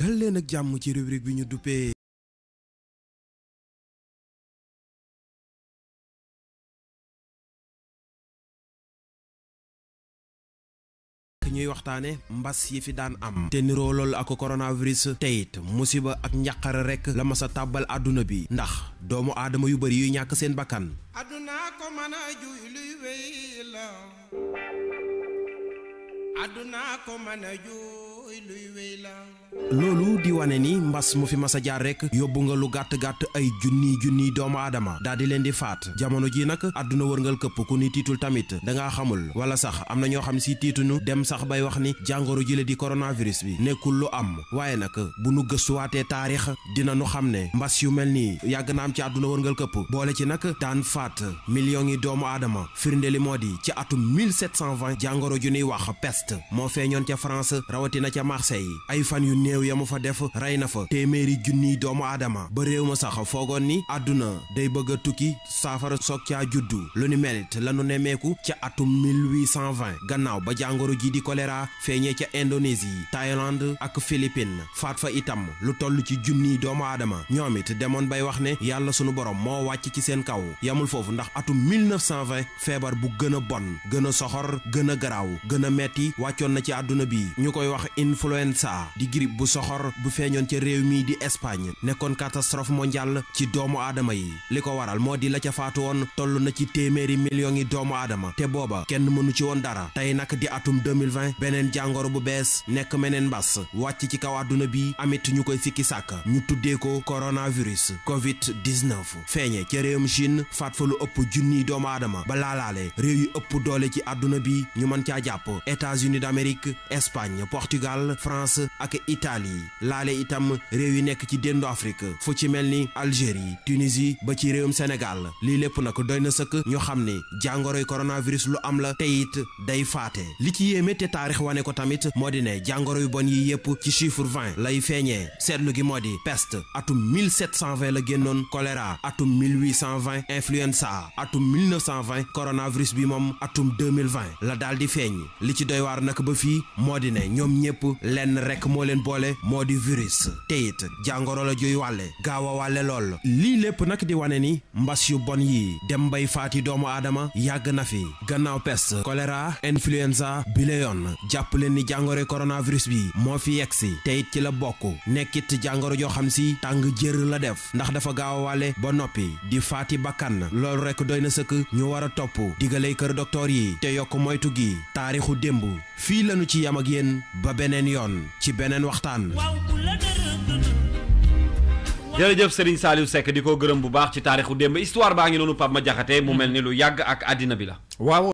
dal leen ak jamm ci rubrique bi ñu duppé ñuy waxtane mbass yi fi daan am té niroo lool ak coronavirus teyit musiba ak ñakara rek la massa tabal aduna bi ndax doomu adama yu bari yu ñak seen bakan aduna ko mana a juy luy wéy la ko mana a juy loolu wane ni mbas mu fi masa jaar rek yóbbu nga lu gàtt gàtt ay junni junni doomu aadama daal di leen di faat jamono ji nag àdduna wërngal këpp ku ni tiitul tamit da ngaa xamul wala sax am na ñoo xam si dem sax bay wax ni ji di coronavirus bi nekkul lu am waaye nak bu nu gëstuwaatee taarix dina nu xam ne mbas yu mel nii yàgg na am ci àdduna wërngal këpp boole ci nag daan faat millions yi doomu aadama firnde li ci atum 1720 jàngoro ju nuy wax peste moo feeñoon ca France rawatina ca Marseille ay fan yu ya fa def rey na fa téeméeri junniy doomu aadama ba réew ma sax foogoon ni àdduna day bëgg a tukki safara soog caa juddu lu ni melit lanu nemmeeku ca atum 1820 gannaaw ba jàngoro ji di choléra feeñee ca Indonésie Thaïlande ak Philippines faat fa itam lu toll ci junniy doomu aadama ñoom it demoon bay wax ne yàlla sunu borom moo wàcc ci seen kaw yamul foofu ndax atum 1920 feebar bu gën a bon gën a soxor gën a garaaw gën a metti wàccoon na ci àdduna bi ñu koy wax influenza di feeñoon ca réew mii di Espagne nekkoon catastrophe mondiale ci doomu aadama yi li ko waral moo di la ca faatu woon toll na ci téeméeri millions yi doomu aadama te booba kenn mënu ci woon dara tey nag di atum 2020 beneen jàngoro bu bees nekk meneen mbas wàcc ci kaw àdduna bi amit ñu koy sikki sàkk ñu tuddee ko coronavirus covid 19 feeñe ca réewum Chine faat fa lu ëpp junniy doomu aadama ba laalaale réew yu ëpp doole ci àdduna bi ñu mën caa jàpp États-Unis d'Amérique Espagne Portugal laale itam réew yi nekk ci déndu Afrique fu ci mel ni Algérie Tunisie ba ci réewum Sénégal lii lépp nag doy na sëkk ñu xam ni jàngoroy coronavirus lu am la te it day faate li ci yéeme te taarix wane ko tamit moo di ne jàngoro yu bon yi yëpp ci chiffre 20 lay feeñee seetlu gi moo di peste atum 1720 la génnoon choléra atum 1820 influenza atum 1920 coronavirus bi moom atum 2020 la daal di feeñ li ci doy waar nag ba fii moo di ne ñoom ñëpp lenn rek moo leen boole moo di virus te jangoro la joy walé gawa walé lol li lepp nak di wané ni mbass yu bon yi dem bay faati doomu adama yag na fi gannaaw peste choléra influenza bilion japp len ni jàngoro coronavirus bi mo fi yexi si te it ci la bokku nekkit jangoro jo xam si tang jër la def ndax dafa gawa walé ba di faati bakkan lol rek doyna seuk ñu wara top digalé keur docteur yi te yok moytu gi dembu fi lañu ci yam ak yeen ba benen yoon ci benen waxtaan jërëjëf Serigne Saliou sekk di ko gërëm bu baax ci taarixu démb histoire baa ngi noonu Pape ma jaxate mu mel ni lu yàgg ak àddina bi la waaw